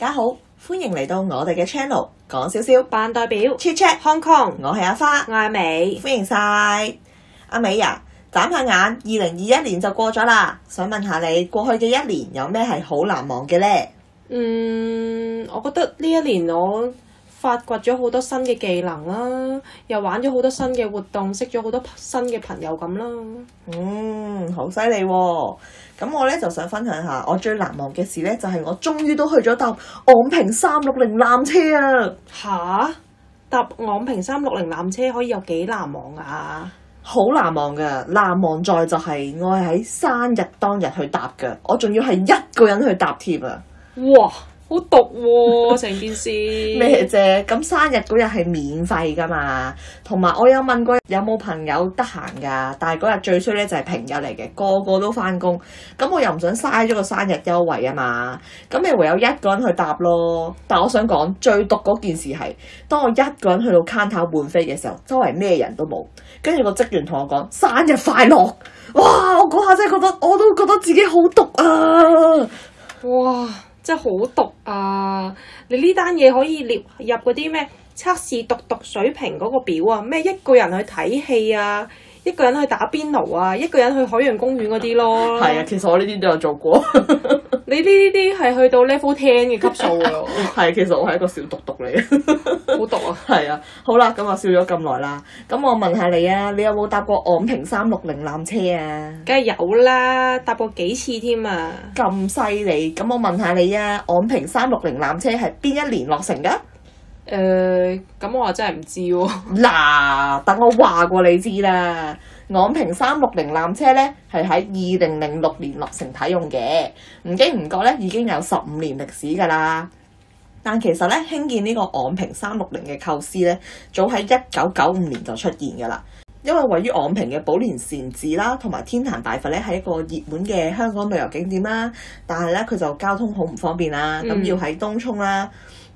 大家好，歡迎嚟到我哋嘅 channel，講少少扮代表 Chit Chat Hong Kong，我係阿花，我係阿美，歡迎晒阿美啊！眨下眼，二零二一年就過咗啦，想問下你過去嘅一年有咩係好難忘嘅呢？嗯，我覺得呢一年我。發掘咗好多新嘅技能啦，又玩咗好多新嘅活動，識咗好多新嘅朋友咁啦。嗯，好犀利喎！咁我呢，就想分享下我最難忘嘅事呢，就係我終於都去咗搭昂坪三六零纜車啊！嚇！搭昂坪三六零纜車可以有幾難忘啊？好難忘嘅，難忘在就係我係喺生日當日去搭嘅，我仲要係一個人去搭添啊！哇！好毒喎、啊，成件事咩啫？咁、 啊、生日嗰日係免費噶嘛？同埋我有問過有冇朋友得閒噶，但係嗰日最衰咧就係平日嚟嘅，個個都返工。咁我又唔想嘥咗個生日優惠啊嘛。咁咪唯有一個人去搭咯。但係我想講最毒嗰件事係，當我一個人去到 counter 換飛嘅時候，周圍咩人都冇。跟住個職員同我講生日快樂。哇！我嗰下真係覺得我都覺得自己好毒啊！哇！真係好毒啊！你呢單嘢可以列入嗰啲咩測試毒毒水平嗰個表啊？咩一個人去睇戲啊，一個人去打邊爐啊，一個人去海洋公園嗰啲咯。係啊 ，其實我呢啲都有做過。 你呢啲係去到 level ten 嘅級數喎。係。 其實我係一個小毒毒嚟。好毒啊。係啊，好啦，咁我笑咗咁耐啦。咁我問下你啊，你有冇搭過昂坪三六零纜車啊？梗係有啦，搭過幾次添啊。咁犀利，咁我問下你啊，昂坪三六零纜車係邊一年落成㗎？誒、呃，咁我真係唔知喎、啊。嗱，等我話過你知啦。昂坪三六零纜車咧，係喺二零零六年落成啟用嘅，唔經唔覺咧，已經有十五年歷史㗎啦。但其實咧，興建呢個昂坪三六零嘅構思咧，早喺一九九五年就出現㗎啦。因為位於昂坪嘅寶蓮禪寺啦，同埋天壇大佛咧，係一個熱門嘅香港旅遊景點啦，但係咧，佢就交通好唔方便啦，咁、嗯、要喺東涌啦，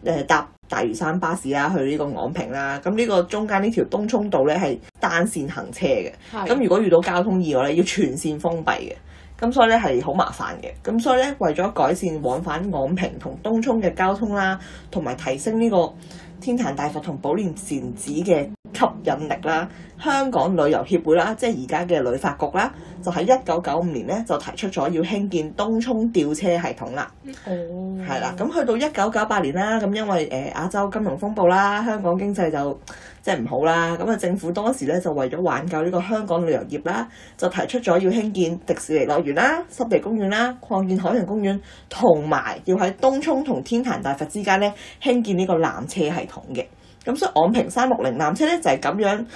誒、呃、搭大嶼山巴士啦，去呢個昂坪啦，咁呢個中間呢條東涌道咧係單線行車嘅，咁的如果遇到交通意外咧，要全線封閉嘅，咁所以咧係好麻煩嘅，咁所以咧為咗改善往返昂坪同東涌嘅交通啦，同埋提升呢個天壇大佛同寶蓮禪寺嘅吸引力啦，嗯、香港旅遊協會啦，即係而家嘅旅發局啦，嗯、就喺一九九五年咧就提出咗要興建東涌吊車系統啦，哦、嗯，係啦，咁去到一九九八年啦，咁因為誒亞、呃、洲金融風暴啦，香港經濟就～即係唔好啦，咁啊政府當時咧就為咗挽救呢個香港旅遊業啦，就提出咗要興建迪士尼樂園啦、濕地公園啦、擴建海洋公園，同埋要喺東涌同天壇大佛之間咧興建呢個纜車系統嘅。咁所以昂坪三六零纜車咧就係咁樣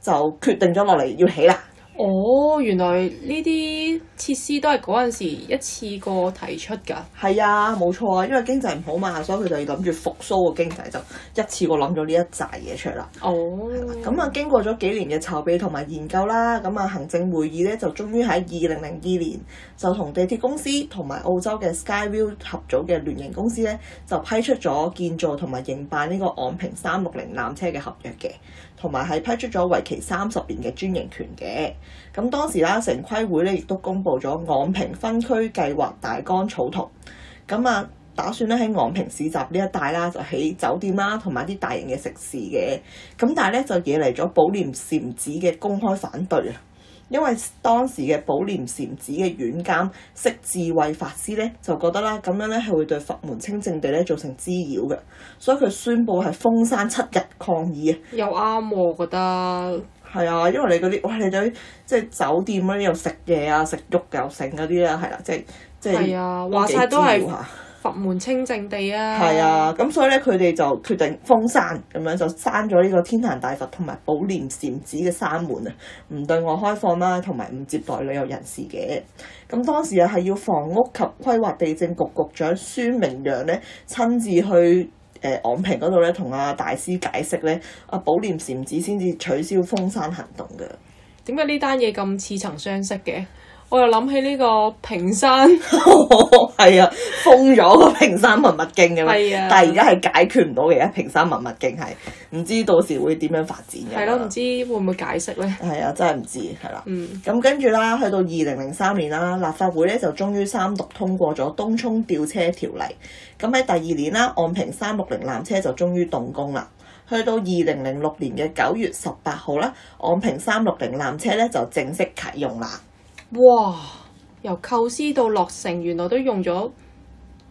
就決定咗落嚟要起啦。哦，原來呢啲設施都係嗰陣時一次過提出㗎。係啊，冇錯啊，因為經濟唔好嘛，所以佢就要諗住復甦個經濟，就一次過諗咗呢一紮嘢出嚟啦。哦，係喇。咁啊，經過咗幾年嘅籌備同埋研究啦，咁啊，行政會議咧就終於喺二零零二年就同地鐵公司同埋澳洲嘅 Skyview 合組嘅聯營公司咧，就批出咗建造同埋營辦呢個昂坪三六零纜車嘅合約嘅。同埋係批出咗為期三十年嘅專營權嘅，咁當時啦，城規會咧亦都公布咗昂坪分區計劃大綱草圖，咁啊，打算咧喺昂坪市集呢一帶啦，就起酒店啦，同埋啲大型嘅食肆嘅，咁但係咧就惹嚟咗寶蓮禪寺嘅公開反對啊。因為當時嘅寶蓮禪寺嘅院監釋智慧法師咧，就覺得啦，咁樣咧係會對佛門清淨地咧造成滋擾嘅，所以佢宣佈係封山七日抗議啊！又啱喎，我覺得係啊，因為你嗰啲，哇、哎，你啲即係酒店嗰啲又食嘢啊，食肉又剩嗰啲咧，係啦、啊，即係即係話晒都係。佛門清淨地啊！係啊，咁所以咧，佢哋就決定封山，咁樣就閂咗呢個天壇大佛同埋寶蓮禪寺嘅山門啊，唔對外開放啦，同埋唔接待旅遊人士嘅。咁當時又係要房屋及規劃地政局局長孫明揚咧，親自去誒昂坪嗰度咧，同阿大師解釋咧，阿寶蓮禪寺先至取消封山行動嘅。點解呢單嘢咁似曾相識嘅？我又諗起呢個平山、 哦，係啊，封咗個平山文物徑嘅咩？啊、但係而家係解決唔到嘅，平山文物徑係唔知到時會點樣發展嘅。係咯、啊，唔知會唔會解釋咧？係啊，真係唔知係啦。啊、嗯，咁跟住啦，去到二零零三年啦，立法會咧就終於三讀通過咗東涌吊車條例。咁喺第二年啦，昂坪三六零纜車就終於動工啦。去到二零零六年嘅九月十八號啦，昂坪三六零纜車咧就正式啟用啦。哇！由構思到落成，原來都用咗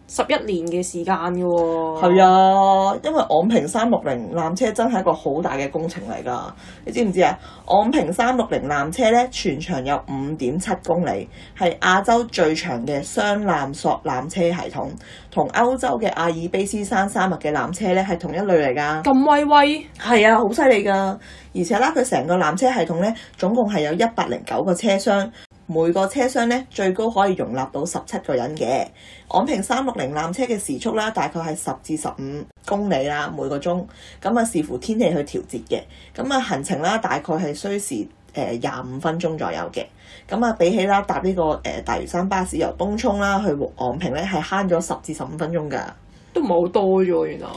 十一年嘅時間嘅喎、哦。係啊，因為昂坪三六零纜車真係一個好大嘅工程嚟㗎，你知唔知啊？昂坪三六零纜車咧，全長有五點七公里，係亞洲最長嘅雙纜索纜車系統，同歐洲嘅阿爾卑斯山山脈嘅纜車咧係同一類嚟㗎。咁威威？係啊，好犀利㗎！而且啦，佢成個纜車系統咧，總共係有一百零九個車廂。每個車廂咧，最高可以容納到十七個人嘅。昂坪三六零纜車嘅時速啦，大概係十至十五公里啦每個鐘，咁啊視乎天氣去調節嘅。咁啊行程啦大概係需時誒廿五分鐘左右嘅。咁啊比起啦搭呢、這個誒、呃、大嶼山巴士由東涌啦去昂坪咧，係慳咗十至十五分鐘㗎，都唔係好多啫原來。誒、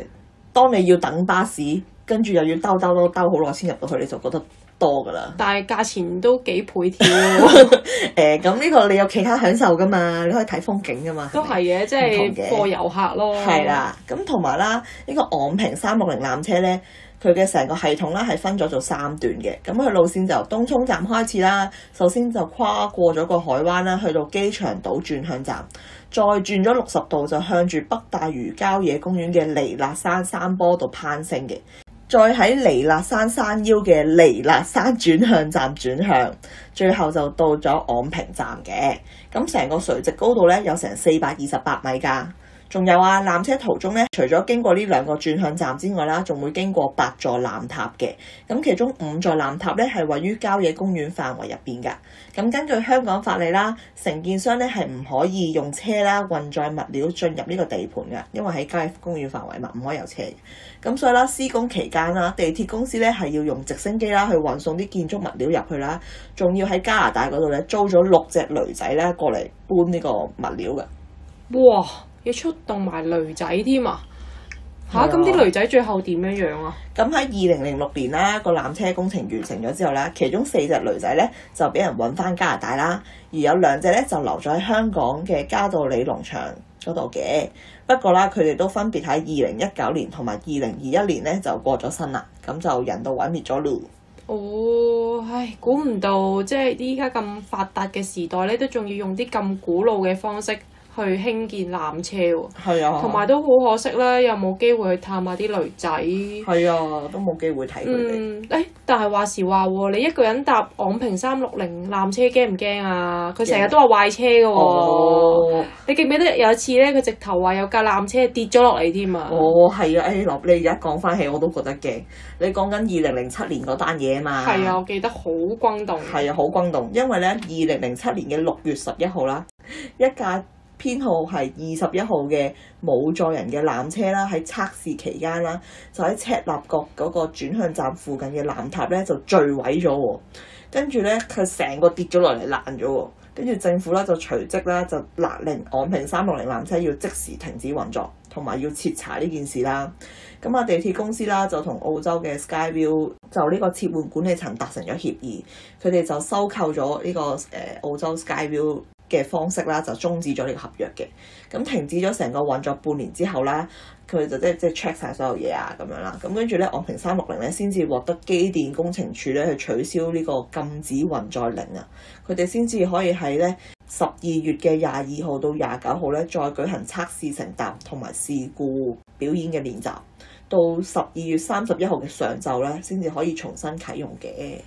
呃，當你要等巴士，跟住又要兜兜兜兜好耐先入到去，你就覺得。多噶啦，但係價錢都幾倍添。誒、 呃，咁、這、呢個你有其他享受噶嘛？你可以睇風景噶嘛？都係嘅，即係過遊客咯。係啦的，咁同埋啦，嗯、呢、這個昂坪三六零纜車咧，佢嘅成個系統咧係分咗做三段嘅。咁佢路綫就由東涌站開始啦，首先就跨過咗個海灣啦，去到機場島轉向站，再轉咗六十度就向住北大嶼郊野公園嘅彌勒山山坡度攀升嘅。再喺彌勒山山腰嘅彌勒山轉向站轉向，最後就到咗昂坪站嘅。咁成個垂直高度呢，有成四百二十八米㗎。仲有啊！纜車途中咧，除咗經過呢兩個轉向站之外啦，仲會經過八座纜塔嘅。咁其中五座纜塔咧，係位於郊野公園範圍入邊噶。咁根據香港法例啦，承建商咧，係唔可以用車啦運載物料進入呢個地盤噶，因為喺郊野公園範圍嘛，唔可以有車嘅。咁所以啦，施工期間啦，地鐵公司咧，係要用直升機啦去運送啲建築物料入去啦，仲要喺加拿大嗰度咧租咗六隻驢仔咧過嚟搬呢個物料嘅。哇！要出動埋驢仔添啊！吓，咁啲驢仔最後點樣樣啊？咁喺二零零六年啦，個纜車工程完成咗之後咧，其中四隻驢仔咧就俾人揾翻加拿大啦，而有兩隻咧就留咗喺香港嘅嘉道理農場嗰度嘅。不過啦，佢哋都分別喺二零一九年同埋二零二一年咧就過咗身啦，咁就人道毀滅咗囉。哦，唉，估唔到即係依家咁發達嘅時代咧，都仲要用啲咁古老嘅方式。去興建纜車喎，同埋、啊、都好可惜啦，又冇機會去探下啲女仔。係啊，都冇機會睇佢哋。誒、嗯哎，但係話時話喎，你一個人搭昂坪三六零纜車驚唔驚啊？佢成日都話壞車嘅喎、哦。怕怕哦、你記唔記得有一次咧，佢直頭話有架纜車跌咗落嚟添啊！哦，係啊，誒，落你而家講翻起我都覺得驚。你講緊二零零七年嗰單嘢啊嘛。係啊，我記得好轟動。係啊，好轟動，因為咧，二零零七年嘅六月十一號啦，一架。編號係二十一號嘅冇載人嘅纜車啦，喺測試期間啦，就喺赤鱲角嗰個轉向站附近嘅纜塔咧就墜毀咗喎，跟住咧佢成個跌咗落嚟爛咗喎，跟住政府咧就隨即咧就勒令昂坪三六零纜車要即時停止運作，同埋要徹查呢件事啦。咁啊，地鐵公司啦就同澳洲嘅 SkyView 就呢個撤換管理層達成咗協議，佢哋就收購咗呢、這個誒、呃、澳洲 SkyView。嘅方式啦，就終止咗呢個合約嘅，咁停止咗成個運作半年之後咧，佢就即係即係 check 晒所有嘢啊咁樣啦，咁跟住咧，昂坪三六零咧先至獲得機電工程署咧去取消呢個禁止運載令啊，佢哋先至可以喺咧十二月嘅廿二號到廿九號咧再舉行測試乘搭同埋事故表演嘅練習，到十二月三十一號嘅上晝咧先至可以重新啟用嘅。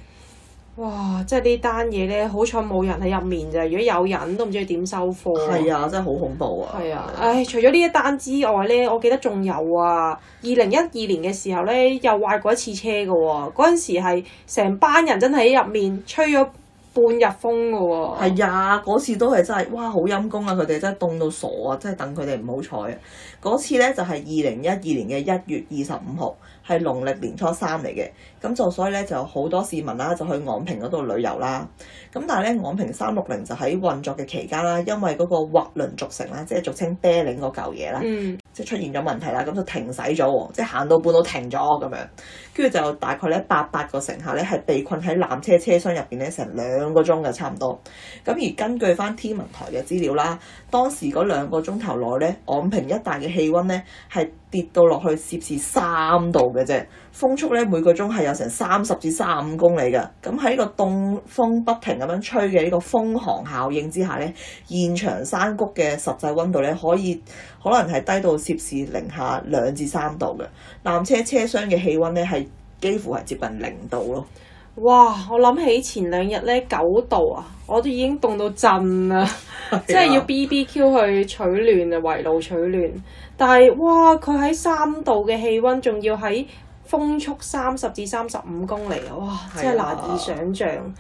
哇！即係呢單嘢咧，好彩冇人喺入面咋。如果有人都唔知佢點收貨。係啊，真係好恐怖啊！係啊的，唉的、哎！除咗呢一單之外咧，我記得仲有啊。二零一二年嘅時候咧，又壞過一次車㗎喎。嗰陣時係成班人真係喺入面吹咗半日風㗎喎。係啊，嗰次都係真係，哇！好陰功啊，佢哋真係凍到傻啊，真係等佢哋唔好彩啊。嗰次咧就係二零一二年嘅一月二十五號。係農曆年初三嚟嘅，咁就所以咧就有好多市民啦，就去昂坪嗰度旅遊啦。咁但係咧，昂坪三六零就喺運作嘅期間啦，因為嗰個滑輪軸承啦，即係俗稱啤令嗰嚿嘢啦，即係出現咗問題啦，咁就停駛咗，即係行到半路停咗咁樣。跟住就大概咧八百個乘客咧係被困喺纜車車廂入邊咧成兩個鐘嘅差唔多。咁而根據翻天文台嘅資料啦，當時嗰兩個鐘頭內咧，昂坪一帶嘅氣温咧係。跌到落去攝氏三度嘅啫，風速咧每個鐘係有成三十至三十五公里嘅，咁喺個凍風不停咁樣吹嘅呢個風寒效應之下咧，現場山谷嘅實際温度咧可以可能係低到攝氏零下兩至三度嘅，纜車車廂嘅氣温咧係幾乎係接近零度咯。哇！我諗起前兩日咧九度啊，我都已經凍到震啦，即係 要 B B Q 去取暖啊，圍爐取暖。但係哇，佢喺三度嘅氣温，仲要喺風速三十至三十五公里啊！哇，真係難以想像。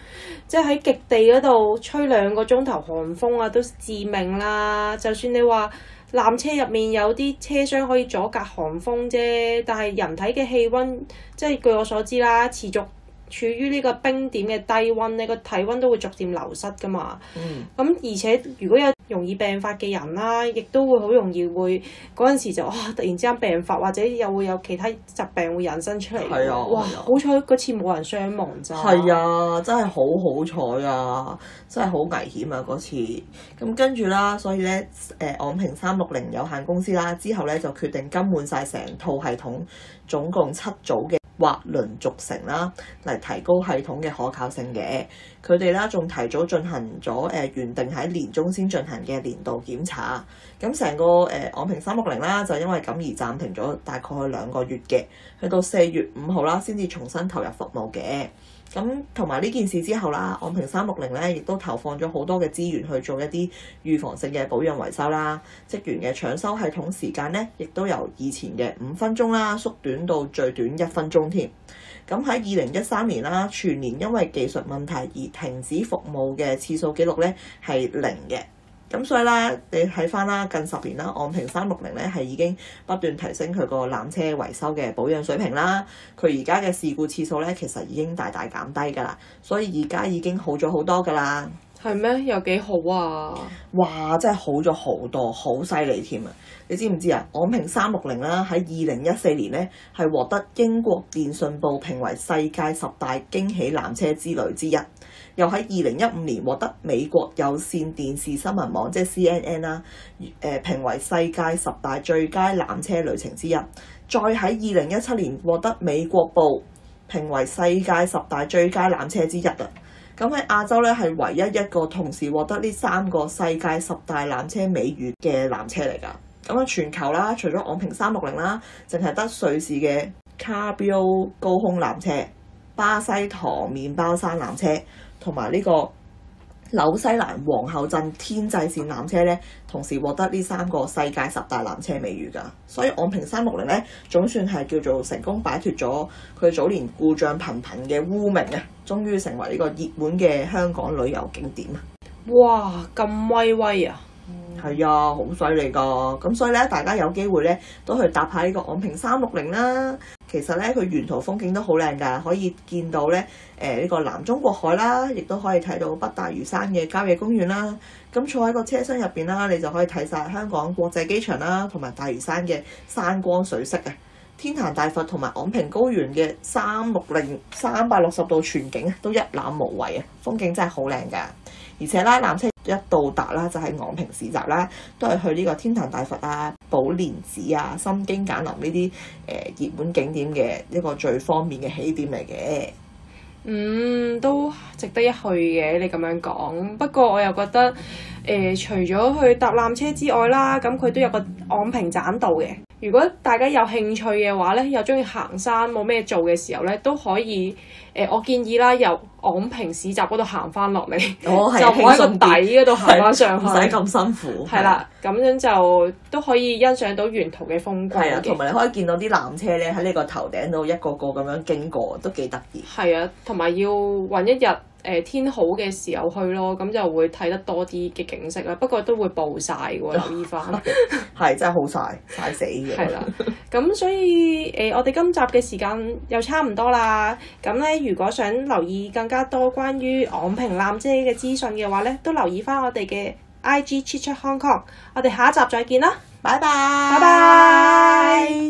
即係喺極地嗰度吹兩個鐘頭寒風啊，都致命啦、啊。就算你話纜車入面有啲車廂可以阻隔寒風啫，但係人體嘅氣温，即係據我所知啦，持續，處於呢個冰點嘅低温咧，你個體温都會逐漸流失噶嘛。咁、嗯嗯、而且如果有容易病發嘅人啦，亦都會好容易會嗰陣時就哇，突然之間病發，或者又會有其他疾病會引申出嚟。啊啊、哇！好彩嗰次冇人傷亡咋。係啊，真係好好彩啊！真係好危險啊嗰次。咁跟住啦，所以呢，誒、嗯，昂坪三六零有限公司啦，之後呢就決定更換晒成套系統，總共七組嘅。滑輪軸承啦，嚟提高系統嘅可靠性嘅。佢哋咧仲提早進行咗誒、呃、原定喺年中先進行嘅年度檢查，咁成個誒昂、呃、平三六零啦，就因為咁而暫停咗大概兩個月嘅，去到四月五號啦先至重新投入服務嘅。咁同埋呢件事之後啦，昂平三六零咧亦都投放咗好多嘅資源去做一啲預防性嘅保養維修啦，職員嘅搶修系統時間咧亦都由以前嘅五分鐘啦縮短到最短一分鐘添。咁喺二零一三年啦，全年因為技術問題而停止服務嘅次數記錄咧係零嘅。咁所以咧，你睇翻啦，近十年啦，昂坪三六零咧係已經不斷提升佢個纜車維修嘅保養水平啦。佢而家嘅事故次數咧其實已經大大減低㗎啦，所以而家已經好咗好多㗎啦。係咩？有幾好啊！哇！真係好咗好多，好犀利添啊！你知唔知啊？我諗評三六零啦，喺二零一四年咧係獲得英國電訊報評為世界十大驚喜纜車之旅之一，又喺二零一五年獲得美國有線電視新聞網即係 CNN 啦，誒評為世界十大最佳纜車旅程之一，再喺二零一七年獲得美國報評為世界十大最佳纜車之一啊！咁喺亞洲咧，係唯一一個同時獲得呢三個世界十大纜車美譽嘅纜車嚟㗎。咁啊，全球啦，除咗昂坪三六零啦，淨係得瑞士嘅 c a 卡彪高空纜車、巴西糖麵包山纜車同埋呢個紐西蘭皇后鎮天際線纜車咧，同時獲得呢三個世界十大纜車美譽噶所以昂坪三六零咧，總算係叫做成功擺脫咗佢早年故障頻頻嘅污名啊，終於成為呢個熱門嘅香港旅遊景點啊！哇，咁威威啊！係啊，好犀利噶咁所以咧，大家有機會咧，都去搭下呢個昂坪三六零啦。其實咧，佢沿途風景都好靚㗎，可以見到咧誒呢、呃這個南中國海啦，亦都可以睇到北大嶼山嘅郊野公園啦。咁坐喺個車廂入邊啦，你就可以睇晒香港國際機場啦，同埋大嶼山嘅山光水色啊，天壇大佛同埋昂坪高原嘅三六零三百六十度全景都一覽無遺啊，風景真係好靚㗎，而且啦，纜車。一到達啦，就係、是、昂坪市集啦，都係去呢個天壇大佛啊、寶蓮寺啊、心經簡林呢啲誒熱門景點嘅一個最方便嘅起點嚟嘅。嗯，都值得一去嘅。你咁樣講，不過我又覺得誒、呃，除咗去搭纜車之外啦，咁佢都有個昂坪棧道嘅。如果大家有興趣嘅話呢，又中意行山，冇咩做嘅時候呢，都可以誒、呃，我建議啦，由昂坪市集嗰度行翻落嚟，哦、就唔喺個底嗰度行翻上去，唔使咁辛苦。係啦，咁樣就都可以欣賞到沿途嘅風光，同埋你可以見到啲纜車呢喺呢個頭頂度一個個咁樣經過，都幾得意。係啊，同埋要混一日。誒天好嘅時候去咯，咁就會睇得多啲嘅景色啦。不過都會暴曬喎，留意翻，係真係好曬，曬死嘅。係 啦、嗯，咁所以誒、呃，我哋今集嘅時間又差唔多啦。咁咧，如果想留意更加多關於昂坪纜車嘅資訊嘅話咧，都留意翻我哋嘅 IG Chit Chat Hong Kong。我哋下一集再見啦，拜拜，拜拜。